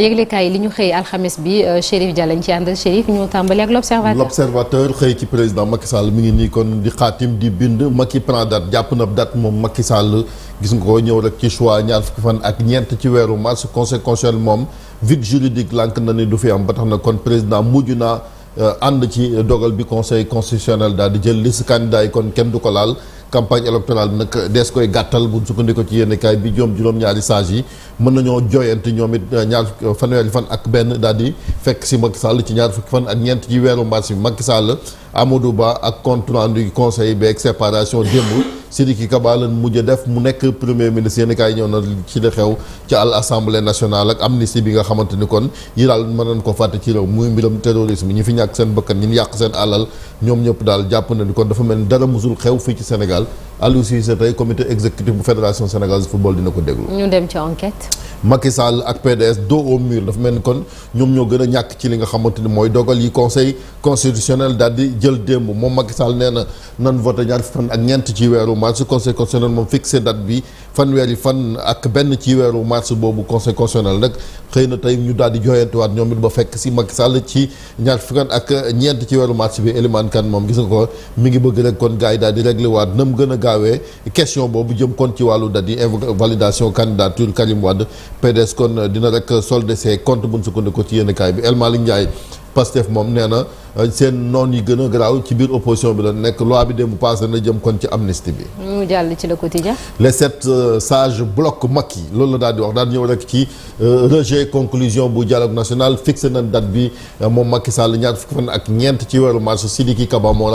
yëglekaay yi li ñu xëy alxames bi euh, Chérif Dia lañ ci àndal Chérif ñu tàmbali ak l'observateur l'observateur xëy ci président Macky Sall mu ngi nii kon di xaatim di bind Macky prend date jàpp na date moom Macky Sall gis nga ko ñëw rek ci choix ñaar fukki fan ak ñeent ci weeru mars conseil constitutionnel moom vide juridique lànk na ni du fi am ba tax na kon président mujj na euh, ànd ci dogal bi conseil constitutionnel daal di jël liste candidat yi kon kenn du ko laal campagne électorale bi nag dees koy gàttal bu sukkandiku ci yenn kaay bi joom juróom-ñaari sages yi mën nañoo jooyante ñoom it euh, ñaar fanweeri fan ak benn daal di fekk si Macky Sall ci ñaar fukki fan ak ñeent ci weeru mars bi Macky Sall Amadou Ba ak compte rendu conseil beeg séparation démb Sidiki Kaba lan mujj def mu nekk premier ministre yéen kaay ñëw na ci li xew ci àll assemblée nationale ak amnistie bi nga xamante kon yi daal mën nañ ko fàtte ci réew muy mbiram terrorisme ñi fi ñàkk seen bëkkan ñi yàq seen alal ñoom ñëpp daal jàpp na ni kon dafa mel ni dara musul xew fii ci Sénégal Aliou Cissé tey comité exécutif bu fédération sénégalaise football dina ko déglu. ñu dem ci enquête. Macky Sall ak PDS doo au mur dafa mel ni kon ñoom ñoo gën a ñàkk ci li nga xamante ni mooy dogal yi conseil constitutionnel daal di jël démb moom Macky Sall nee na nan voté ñaar fan ak ñeent ci weeru mars conseil constitutionnel moom fixé date bi. fanweeri fan ak benn ci weeru mars boobu conseil constitutionnel nag xëy na tey ñu daal di jooyantiwaat ñoom it ba fekk si mag sàll ci ñaar fukki ak ñeent ci weeru mars bi Elimane Kane moom gis nga ko mi ngi bëgg rek kon gars yi daal di réglé waat na mu gën a gaawee question boobu jëm kon ci wàllu daal di validation candidature Karim Wade PDS kon dina rek soldé ses comptes bu ñu sukkandiku ci yéen kaay bi El Malick Ndiaye Pastef moom nee na euh, seen noon yi gën a garaaw ci biir opposition bi la nekk loi bi démb passé na jëm kon ci amnistie bi. mu jàll ci le quotidien. les sept euh, sages bloquent Macky loolu la daal di wax daal di ñëw rek ci euh, rejet conclusion bu dialogue national fixé nañ date bi moom Macky Sall ñaar fukki fan ak ñeent ci weeru mars Sidiki Kaba moo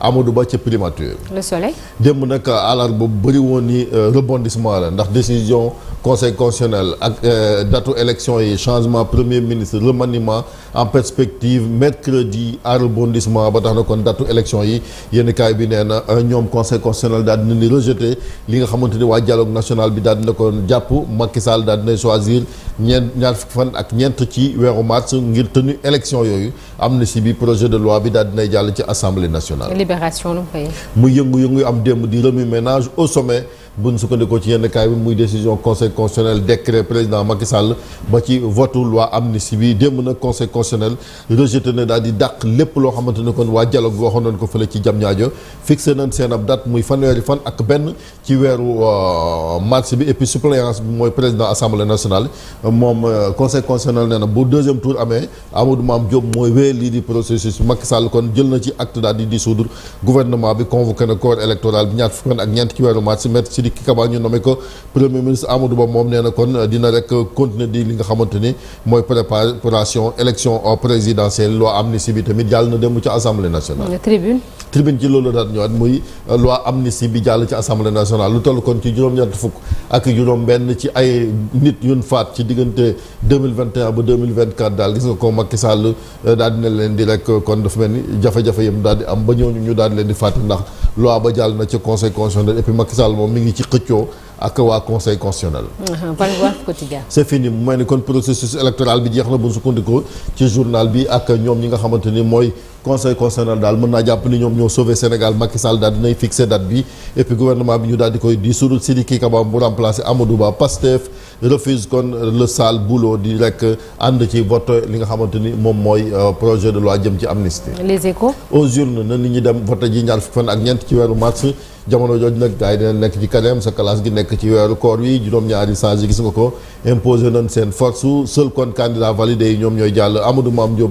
Amadou Ba ca primature. le soleil. démb nag àllarba euh, bu bëri woon ni euh, rebondissement la ndax décision conseil constitutionnel ak euh, datu élection yi changement premier ministre remaniement en perspective mercredi à rebondissement ba tax na kon datu élection yi yenn kaay bi nee na ñoom conseil constitutionnel daal dina ni rejeté li nga xamante ni waa dialogue national bi daal dina ko jàpp Macky Sall di dina choisir ñeent ñaar fukki fan ak ñeent ci weexu mars ngir tenue élection yooyu amnistie bi projet de loi bi daal dinay jàll ci assemblée nationale. libération lu mu xëyee. muy yëngu-yëngu yu am démb di remue ménage au sommet. buñ sukkandikoo ci yenn kaay bi muy décision conseil constitutionnel décret président Macky Sall ba ci vote loi amnistie bi démb nag conseil constitutionnel rejeté na daal di daq lépp loo xamante ne kon waa dialogue bi waxoon nañ ko fële ci jam Diamniadio fixé nañ seen ab date muy fanweeri fan ak benn ci weeru euh, mars bi et puis suppléance bi mooy président assemblée nationale moom euh, conseil constitutionnel nee na bu deuxième tour amee Amadou Mame Diop mooy wéyal lii di processus Macky Sall kon jël na ci acte daal di dissoudre gouvernement bi convoqué na corps électoral bi ñaar fukk ak ñeent ci weeru mars Sidiki Kaba ñu nommé ko premier ministre Amadou Ba moom nee kon dina rek continuer di li nga xamante ni mooy préparation élection présidentielle loi amnistie bi tamit jàll na dem ci assemblée nationale. tribune. tribune ci loolu daal ñëwaat muy loi amnistie bi jàll ci assemblée nationale lu toll kon ci juróom-ñett fukk ak juróom-benn ci ay nit ñun faat ci diggante ba daal gis nga ko Macky Sall euh, daal dina leen di rek kon dafa mel jafe-jafe ngi ci xëccoo ak waa conseil constitutionnel. Uh-huh. c'est fini mu mel ni kon processus électoral bi jeex na bu ñu sukkandikoo ci journal bi ak ñoom ñi nga xamante ni mooy. conseil constitutionnel daal mën naa jàpp ni ñoom ñoo sauvé Sénégal Macky Sall daal dinay fixé date bi et puis bi ñu daal koy di surul Sidiki Kaba bu remplacé Amadou Ba Pastef refuse kon le sale boulot di rek ànd ci vote li nga xamante ni moom mooy euh, projet de loi jëm ci amnistie. les échos. na nit ñi dem vote ji ñaar fukki fan ak ñeent ci weeru mars jamono jooju nag gars yi nekk ci kadeem sa classe gi nekk ci weeru koor yi juróom-ñaari change gis nga ñooy jàll Amadou Mame Diop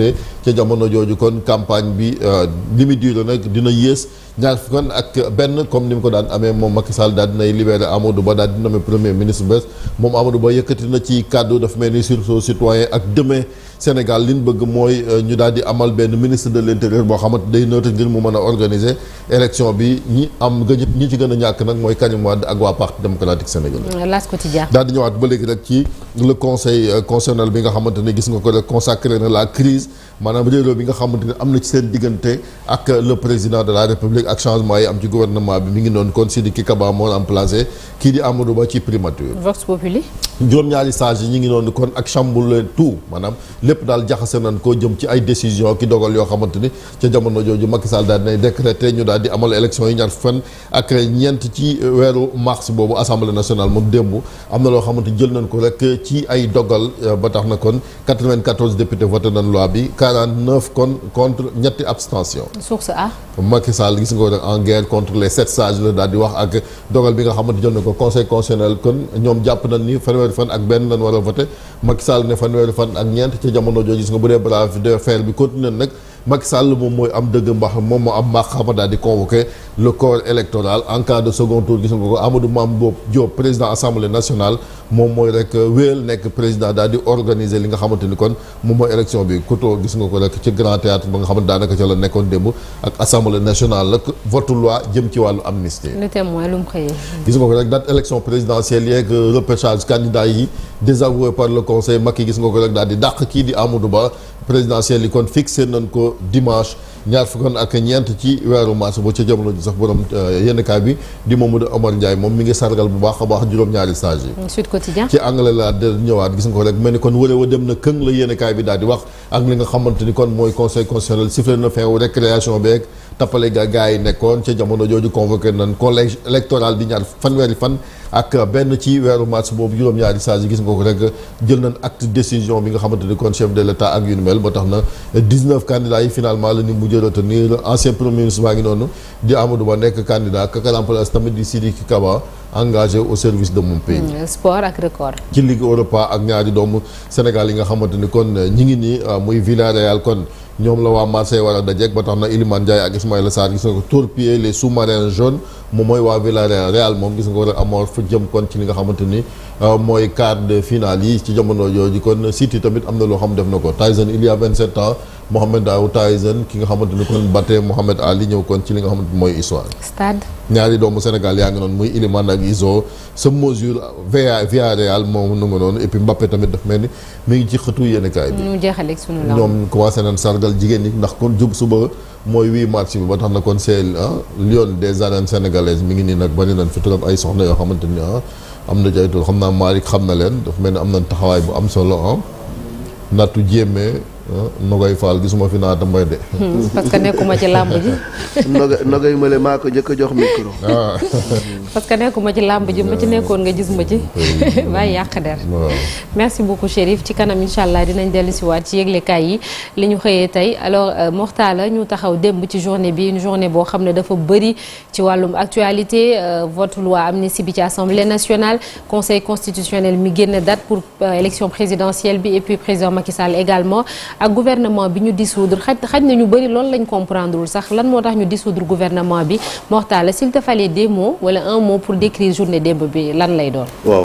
defee ca jamono jooju kon campagne bi li mu diir nag dina yées ñaar fukki fan ak benn comme ni mu ko daan amee moom Macky Sall daal dinay libéré Amadou Ba daal di nommé premier ministre bees moom Amadou Ba yëkkati na ci kàddu dafa mel ni sursaut citoyen ak demain Sénégal li bëgg mooy euh, ñu daal di amal benn ministre de l'intérieur boo xamante day noota ngir mu mën a organiser élection bi ñi am gëj ñi ci gën a ñàkk nag mooy Karim ak waa parti démocratique sénégalais. Euh, L'As di ñëwaat ba léegi rek ci le conseil euh, constitutionnel bi maanaam réeróo bi nga xamante ne am na ci seen diggante ak le président de la république ak changement yi am ci gouvernement bi mi ngi noonu kon Sidiki Kaba moo remplacé kii di Amadou Ba ci primature. Vox juróom-ñaari sages yi ngi noonu kon ak chamboulé tout maanaam lépp daal jaxase nañ ko jëm ci ay décision ki dogal yoo xamante ni ca jamono jooju Macky Sall daal dinay décrété ñu daal di amal élection yi ñaar fan ak ñeent ci weeru mars boobu assemblée nationale ko na kon 94 députés quarante neuf kon A. Macky Sall gis nga ko en guerre contre les sept sages la daal di wax ak dogal bi nga xamante jël na ko conseil constitutionnel kon ñoom jàpp nañ ni fanweeri fan ak benn lañ war a voté Macky Sall ne fanweeri fan ak ñeent ca jamono jooju gis nga bu dee brave de fer bi continué nag. Macky Sall moom mooy am dëgg mbax moom moo am mbaax xama daal di convoqué le corps électoral en cas de second tour gis nga ko Amadou Mame Bob Diop président assemblée nationale moom mooy rek euh, wéel nekk président daal di organiser li nga xamante ni kon moom mooy élection bi koto gis nga ko rek ci grand théâtre ba nga xamante daanaka ca la nekkoon démb ak assemblée nationale ak vote loi jëm ci wàllu amnistie. le témoin lu mu xëyee. gis nga ko rek date élection présidentielle yeeg euh, di dàq Ba. présidentielle yi kon fixé nañ ko dimanche ñaar fukkoon ak ñeent ci weeru mars ba ca jamono ji sax borom euh, yenn cas bi di Mamadou Omar Ndiaye moom mi ngi sargal bu baax a baax juróom-ñaari stage yi. Sud Quotidien ci anglais la de ñëwaat gis nga ko rek mel ni kon wëree wa dem na këng la yenn bi daal di wax kon mooy conseil constitutionnel sifflé fan ak benn ci weeru mars boobu juróom-ñaari sage yi gis nga ko rek jël nañ acte décision bi nga xamante ni kon chef de l' ak yu ni mel ba tax na 19 yi finalement la ni mujj mujj retenir ancien premier ministre baa ngi noonu di Amadou Ba nekk candidat ka tamit di Sidiki Kaba engagé au service de pays. Mm, sport ak record. ci Ligue Europa ak ñaari doomu Sénégal yi nga xamante ni kon ñi ngi nii euh, muy Villarreal kon. ñoom la waa Marseille war a dajeek ba tax na Iliman Ndiaye ak Ismaïla Sarr gis nga ko torpiller les sous-marins jaunes moom mooy waa Villarreal moom gis nga ko war a fu jëm kon ci li nga xamante ni euh, mooy quart de loo xam Mohamed Daou Tyson ki nga xamante ni kon battee Mohamed Ali ñëw kon ci li nga xamante mooy histoire. stade ñaari doomu Sénégal yaa ngi noonu muy Iliman ak Iso sa mesure via mel ni mi ngi ci xëtu yéenekaay bi. ñu jeexaleeg sunu law ñoom commencé nañ sargal jigéen ñi ndax kon jub suba mooy 8 mars bi ba tax na kon c'est ah, Lion des arènes sénégalaises mi ngi nii nag bari nañ fi trop ay soxna yoo xamante ni ah. am na jaytul xam naa Malick xam na leen dafa mel ni am nañ taxawaay bu am solo ah nattu jéemee Ah, nogay Fall gisuma fi naata mbay de. Hmm, parce que nekkuma ci làmb ji. Nogay Nogay maa ko njëkk a jox micro. Ah. parce que nekkuma ci làmb ji ma ci nekkoon nga gis ma ci. waaye hmm. yàq der merci beaucoup Chérif ci kanam incha allah dinañ dellu si waat ci yëglekaay yi li ñu xëyee tey alors euh, Mortala ñu taxaw démb ci journée bi une journée boo xam ne dafa bëri ci wàllum actualité euh, vote loi amnistie bi ci assemblée nationale conseil constitutionnel mi génn date pour euh, élection présidentielle bi et puis président Macky Sall également. ak gouvernement bi ñu dissoudre xaj xaj na ñu bëri loolu lañ comprendrewul sax lan moo tax ñu dissoudre gouvernement bi Mortalla s'il te fallait des mots wala un mot pour décrire journée démb bi lan lay doon.